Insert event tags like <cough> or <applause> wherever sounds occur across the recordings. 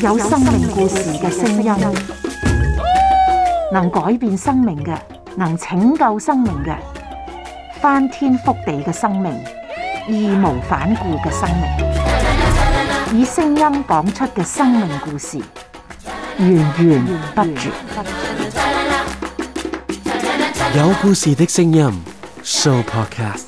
有生命故事嘅聲音，能改變生命嘅，能拯救生命嘅，翻天覆地嘅生命，義無反顧嘅生命，以聲音講出嘅生命故事，源源不絕。有故事嘅聲音，Show Podcast。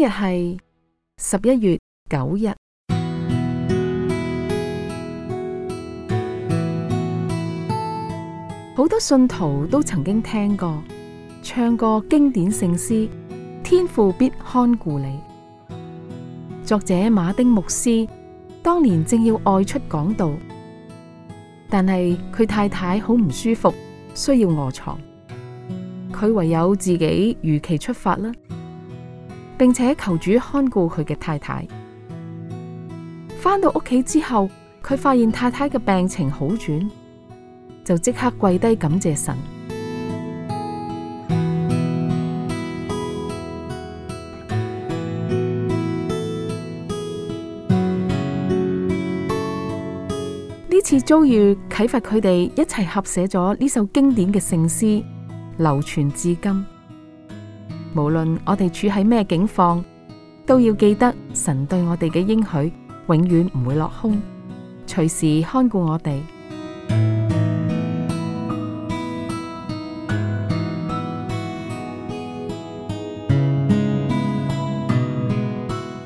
今日係十一月九日，好多信徒都曾經聽過唱過經典聖詩《天父必看顧你》。作者馬丁牧師當年正要外出講道，但係佢太太好唔舒服，需要臥床，佢唯有自己如期出發啦。並且求主看顧佢嘅太太。返到屋企之後，佢發現太太嘅病情好轉，就即刻跪低感謝神。呢 <music> 次遭遇啟發佢哋一齊合寫咗呢首經典嘅聖詩，流傳至今。無論我哋處喺咩境況，都要記得神對我哋嘅應許永遠唔會落空，隨時看顧我哋。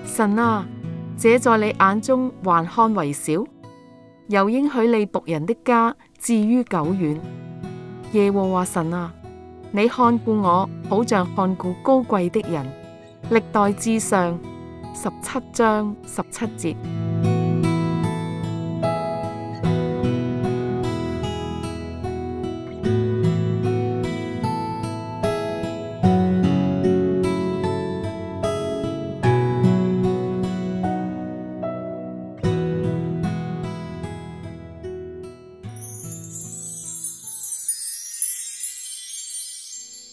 神啊，這在你眼中還看為小，又應許你僕人的家至於久遠。耶和華神啊！你看顧我，好像看顧高貴的人。歷代志上十七章十七節。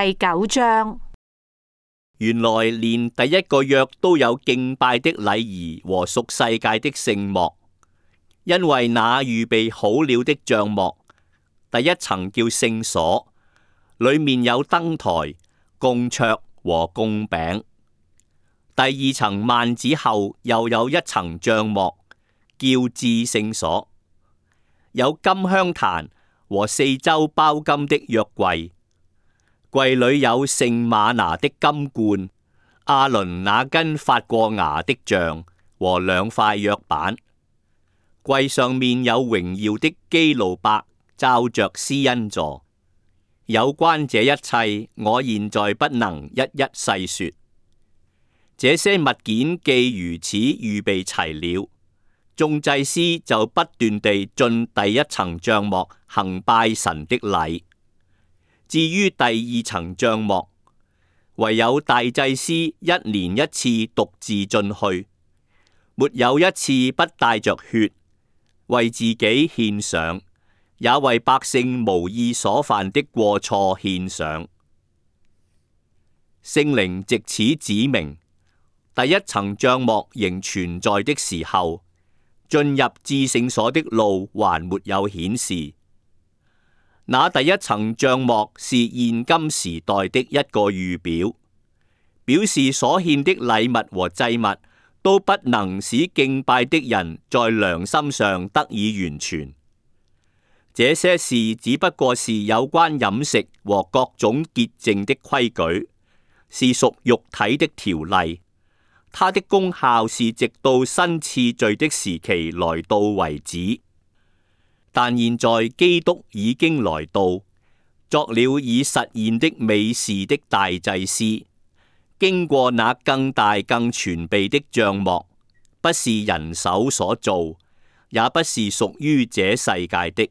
第九章，原來連第一個約都有敬拜的禮儀和屬世界的聖幕，因為那預備好了的帳幕，第一層叫聖所，裏面有燈臺、供桌和供餅；第二層幔子後又有一層帳幕，叫至聖所，有金香壇和四周包金的約櫃。櫃裏有聖馬拿的金罐，阿倫那根發過芽的杖和兩塊約板。櫃上面有榮耀的基路伯罩着施恩座。有關這一切，我現在不能一一細說。這些物件既如此預備齊了，眾祭司就不斷地進第一層帳幕行拜神的禮。至於第二層帳幕，唯有大祭司一年一次獨自進去，沒有一次不帶着血，為自己獻上，也為百姓無意所犯的過錯獻上。聖靈藉此指明，第一層帳幕仍存在的時候，進入至聖所的路還沒有顯示。那第一層帳幕是現今時代的一個預表，表示所獻的禮物和祭物都不能使敬拜的人在良心上得以完全。這些事只不過是有關飲食和各種潔淨的規矩，是屬肉體的條例，它的功效是直到新次序的時期來到為止。但現在基督已經來到，作了已實現的美事的大祭司，經過那更大更全備的帳幕，不是人手所做，也不是屬於這世界的。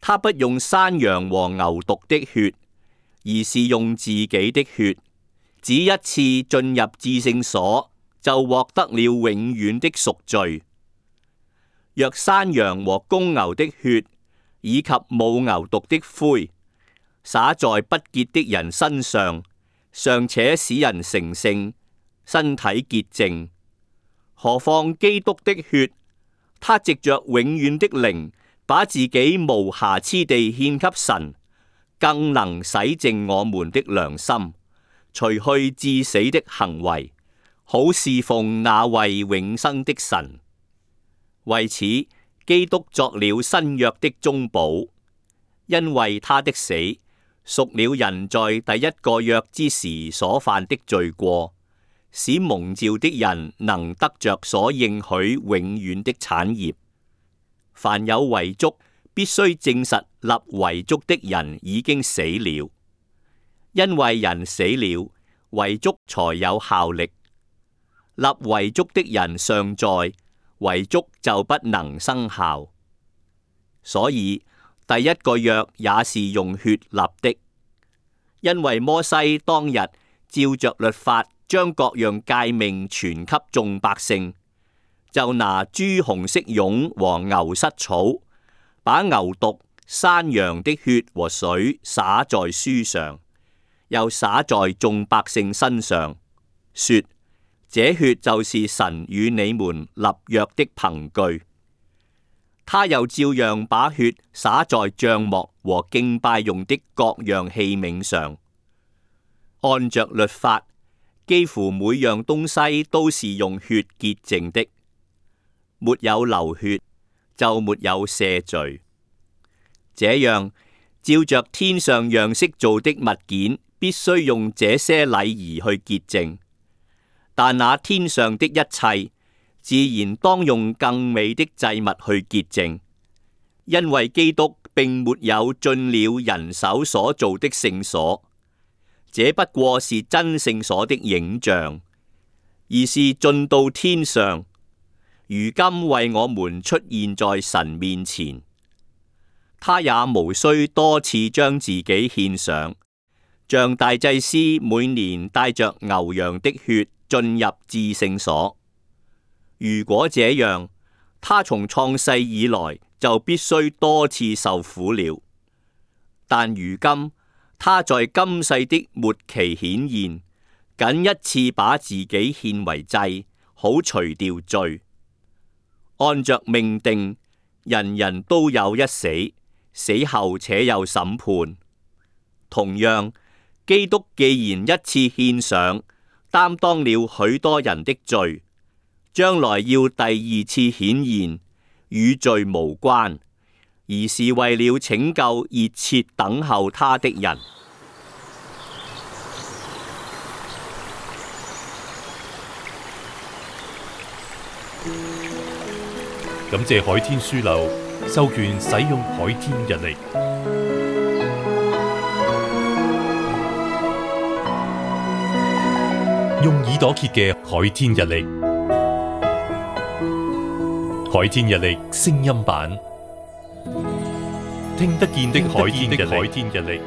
他不用山羊和牛犢的血，而是用自己的血，只一次進入至聖所，就獲得了永遠的贖罪。若山羊和公牛的血以及母牛犢的灰灑在不潔的人身上，尚且使人成聖、身體潔淨，何況基督的血，他藉着永遠的靈把自己無瑕疵地獻給神，更能洗淨我們的良心，除去致死的行為，好侍奉那位永生的神。為此，基督作了新約的中保，因為他的死贖了人在第一個約之時所犯的罪過，使蒙召的人能得着所應許永遠的產業。凡有遺囑，必須證實立遺囑的人已經死了，因為人死了，遺囑才有效力。立遺囑的人尚在。遺囑就不能生效，所以第一個約也是用血立的。因為摩西當日照着律法，將各樣誡命傳給眾百姓，就拿朱紅色絨和牛膝草，把牛犢、山羊的血和水灑在書上，又灑在眾百姓身上，說。這血就是神與你們立約的憑據。他又照樣把血灑在帳幕和敬拜用的各樣器皿上，按着律法，幾乎每樣東西都是用血潔淨的。沒有流血，就沒有赦罪。這樣，照着天上樣式做的物件，必須用這些禮儀去潔淨。但那天上的一切，自然當用更美的祭物去潔淨，因為基督並沒有進了人手所造的聖所，這不過是真聖所的影像，而是進到天上。如今為我們出現在神面前，他也無需多次將自己獻上，像大祭司每年帶着牛羊的血。進入至聖所。如果這樣，他從創世以來就必須多次受苦了。但如今他在今世的末期顯現，僅一次把自己獻為祭，好除掉罪。按着命定，人人都有一死，死後且有審判。同樣，基督既然一次獻上，擔當了許多人的罪，將來要第二次顯現，與罪無關，而是為了拯救熱切等候他的人。感謝海天書樓，授權使用海天日曆。用耳朵揭嘅《海天日曆》，《海天日曆》聲音版，聽得見的《海天日曆》。